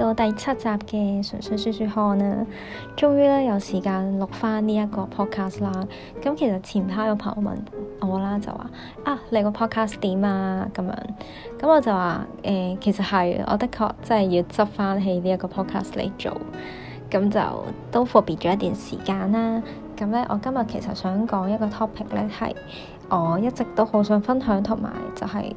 到第七集嘅《純粹說說看》啦，終於咧有時間錄翻呢一個 podcast 啦。咁其實前排有朋友問我啦，就話啊，你個 podcast 點啊？咁樣咁我就話誒、呃，其實係我的確真係要執翻起呢一個 podcast 嚟做，咁就都分別咗一段時間啦。咁咧，我今日其實想講一個 topic 咧，係我一直都好想分享，同埋就係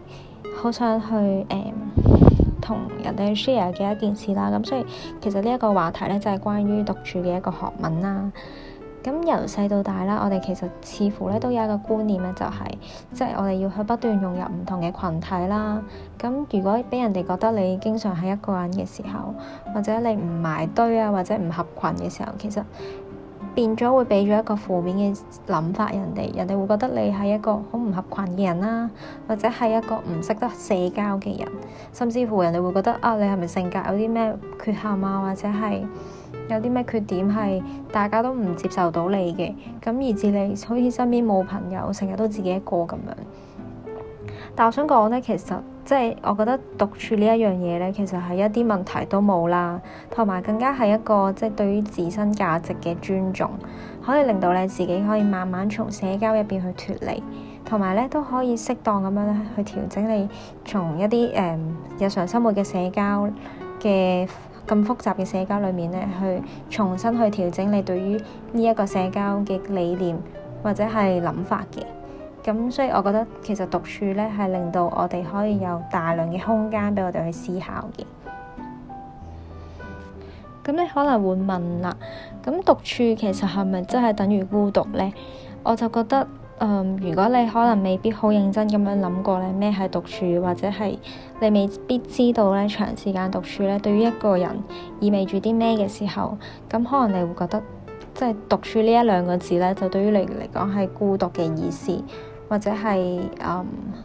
好想去誒。嗯同人哋 share 嘅一件事啦，咁所以其實呢一個話題咧就係關於獨處嘅一個學問啦。咁由細到大啦，我哋其實似乎咧都有一個觀念咧、就是，就係即係我哋要去不斷融入唔同嘅群體啦。咁如果俾人哋覺得你經常喺一個人嘅時候，或者你唔埋堆啊，或者唔合群嘅時候，其實。變咗會俾咗一個負面嘅諗法人哋，人哋會覺得你係一個好唔合群嘅人啦，或者係一個唔識得社交嘅人，甚至乎人哋會覺得啊，你係咪性格有啲咩缺陷啊，或者係有啲咩缺點係大家都唔接受到你嘅，咁以至你好似身邊冇朋友，成日都自己一個咁樣。但我想講呢，其實。即係我覺得獨處呢一樣嘢呢，其實係一啲問題都冇啦，同埋更加係一個即係、就是、對於自身價值嘅尊重，可以令到你自己可以慢慢從社交入邊去脫離，同埋呢，都可以適當咁樣去調整你從一啲誒、嗯、日常生活嘅社交嘅咁複雜嘅社交裏面呢，去重新去調整你對於呢一個社交嘅理念或者係諗法嘅。咁所以，我覺得其實獨處咧，係令到我哋可以有大量嘅空間俾我哋去思考嘅。咁你可能會問啦，咁獨處其實，係咪真係等於孤獨咧？我就覺得，嗯、呃，如果你可能未必好認真咁樣諗過咧咩係獨處，或者係你未必知道咧長時間獨處咧對於一個人意味住啲咩嘅時候，咁可能你會覺得即係獨處呢一兩個字咧，就對於你嚟講，係孤獨嘅意思。或者係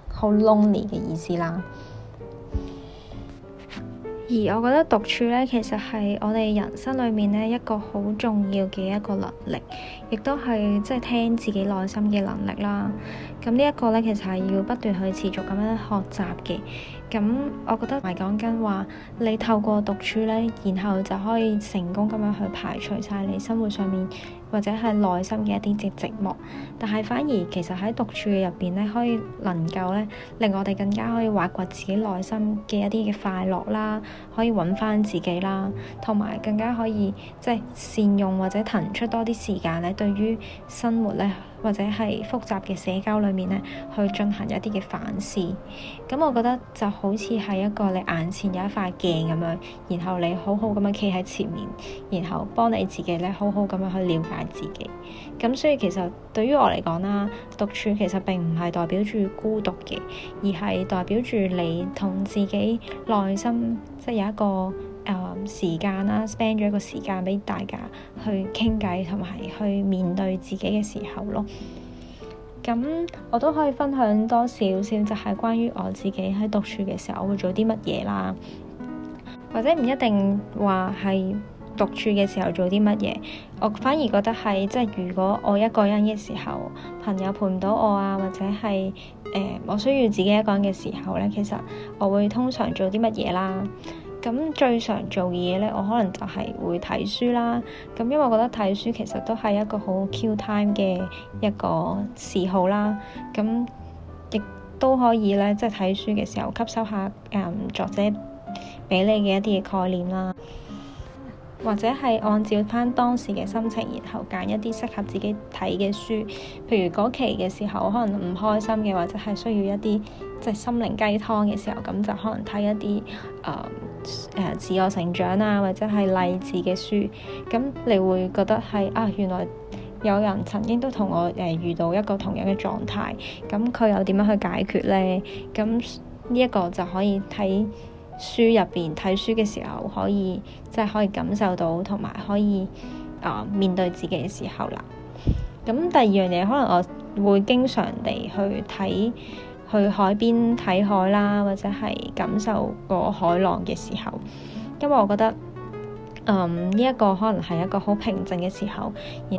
好、um, lonely 嘅意思啦，而我覺得獨處呢，其實係我哋人生裏面呢一個好重要嘅一個能力，亦都係即係聽自己內心嘅能力啦。咁呢一個呢，其實係要不斷去持續咁樣學習嘅。咁，我覺得唔係講緊話你透過獨處呢，然後就可以成功咁樣去排除晒你生活上面或者係內心嘅一啲寂寞。但係反而其實喺獨處嘅入邊呢，可以能夠呢，令我哋更加可以挖掘自己內心嘅一啲嘅快樂啦，可以揾翻自己啦，同埋更加可以即係、就是、善用或者騰出多啲時間呢，對於生活呢。或者係複雜嘅社交裏面咧，去進行一啲嘅反思。咁我覺得就好似係一個你眼前有一塊鏡咁樣，然後你好好咁樣企喺前面，然後幫你自己咧好好咁樣去了解自己。咁所以其實對於我嚟講啦，獨處其實並唔係代表住孤獨嘅，而係代表住你同自己內心即係、就是、有一個。誒、呃、時間啦，spend 咗一個時間俾大家去傾偈，同埋去面對自己嘅時候咯。咁我都可以分享多少少，就係關於我自己喺獨處嘅時候，我會做啲乜嘢啦？或者唔一定話係獨處嘅時候做啲乜嘢，我反而覺得係即係如果我一個人嘅時候，朋友陪唔到我啊，或者係誒、呃、我需要自己一個人嘅時候呢，其實我會通常做啲乜嘢啦？咁最常做嘢呢，我可能就係會睇書啦。咁因為我覺得睇書其實都係一個好 kill time 嘅一個嗜好啦。咁亦都可以呢，即係睇書嘅時候吸收下、嗯、作者俾你嘅一啲嘅概念啦。或者係按照返當時嘅心情，然後揀一啲適合自己睇嘅書。譬如嗰期嘅時候，可能唔開心嘅，或者係需要一啲即係心靈雞湯嘅時候，咁就可能睇一啲誒誒自我成長啊，或者係勵志嘅書。咁你會覺得係啊，原來有人曾經都同我誒、呃、遇到一個同樣嘅狀態，咁佢又點樣去解決咧？咁呢一個就可以睇。書入邊睇書嘅時候，可以即係、就是、可以感受到，同埋可以啊、呃、面對自己嘅時候啦。咁第二樣嘢，可能我會經常地去睇去海邊睇海啦，或者係感受過海浪嘅時候，因為我覺得。嗯，呢一、um, 個可能係一個好平靜嘅時候，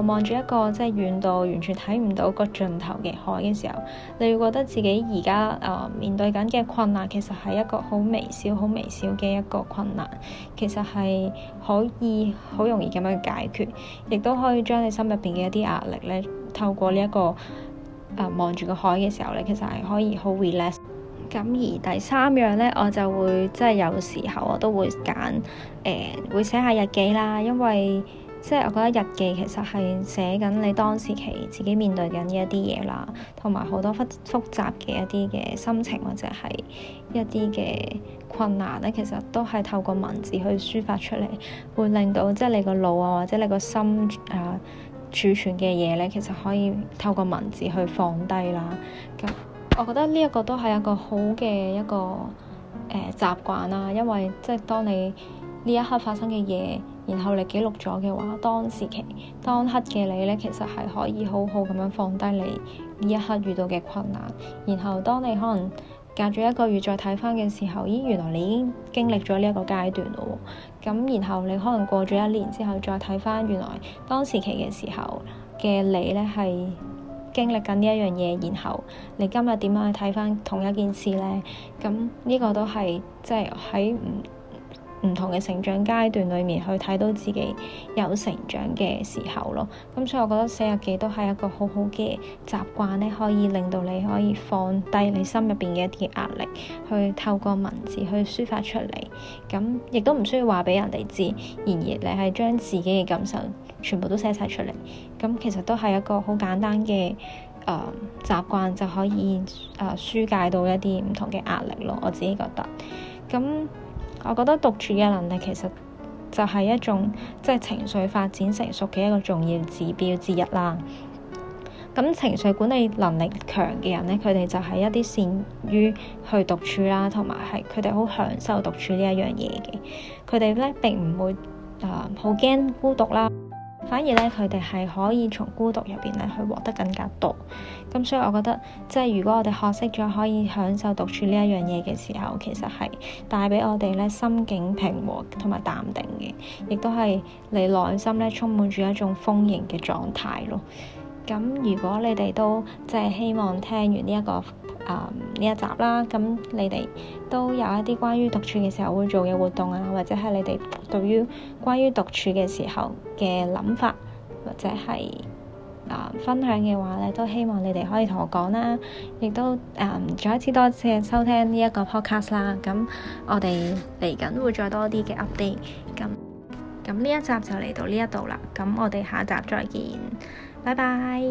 望住一個即係遠到完全睇唔到個盡頭嘅海嘅時候，你會覺得自己而家誒面對緊嘅困難其實係一個好微小、好微小嘅一個困難，其實係可以好容易咁樣解決，亦都可以將你心入邊嘅一啲壓力咧，透過呢、這、一個誒望住個海嘅時候咧，其實係可以好 relax。咁而第三樣呢，我就會即係有時候我都會揀誒、呃、會寫下日記啦，因為即係我覺得日記其實係寫緊你當時期自己面對緊嘅一啲嘢啦，同埋好多複複雜嘅一啲嘅心情或者係一啲嘅困難呢，其實都係透過文字去抒發出嚟，會令到即係你個腦啊或者你個心啊儲存嘅嘢呢，其實可以透過文字去放低啦。咁我覺得呢一個都係一個好嘅一個誒、呃、習慣啦，啊，因為即係當你呢一刻發生嘅嘢，然後你記錄咗嘅話，當時期當刻嘅你呢，其實係可以好好咁樣放低你呢一刻遇到嘅困難。然後當你可能隔咗一個月再睇翻嘅時候，咦，原來你已經經歷咗呢一個階段咯喎。咁然後你可能過咗一年之後再睇翻，原來當時期嘅時候嘅你呢係經歷緊呢一樣嘢，然後你今日點樣去睇返同一件事咧？咁呢個都係，即係喺唔。唔同嘅成長階段裏面，去睇到自己有成長嘅時候咯。咁所以，我覺得寫日記都係一個好好嘅習慣咧，可以令到你可以放低你心入邊嘅一啲壓力，去透過文字去抒發出嚟。咁亦都唔需要話俾人哋知，然而你係將自己嘅感受全部都寫晒出嚟。咁其實都係一個好簡單嘅誒、呃、習慣，就可以誒舒、呃、解到一啲唔同嘅壓力咯。我自己覺得咁。我覺得獨處嘅能力其實就係一種即係、就是、情緒發展成熟嘅一個重要指標之一啦。咁情緒管理能力強嘅人咧，佢哋就係一啲擅於去獨處啦，同埋係佢哋好享受獨處一呢一樣嘢嘅。佢哋咧並唔會啊，好、呃、驚孤獨啦。反而咧，佢哋係可以從孤獨入邊咧，去獲得更加多。咁所以，我覺得即係如果我哋學識咗可以享受獨處呢一樣嘢嘅時候，其實係帶俾我哋咧心境平和同埋淡定嘅，亦都係你內心咧充滿住一種豐盈嘅狀態咯。咁如果你哋都即係希望聽完呢一個。啊呢、嗯、一集啦，咁你哋都有一啲關於獨處嘅時候會做嘅活動啊，或者係你哋對於關於獨處嘅時候嘅諗法或者係、嗯、分享嘅話咧，都希望你哋可以同我講啦。亦都啊再、嗯、一次多謝收聽呢一個 podcast 啦。咁我哋嚟緊會再多啲嘅 update。咁咁呢一集就嚟到呢一度啦。咁我哋下集再見，拜拜。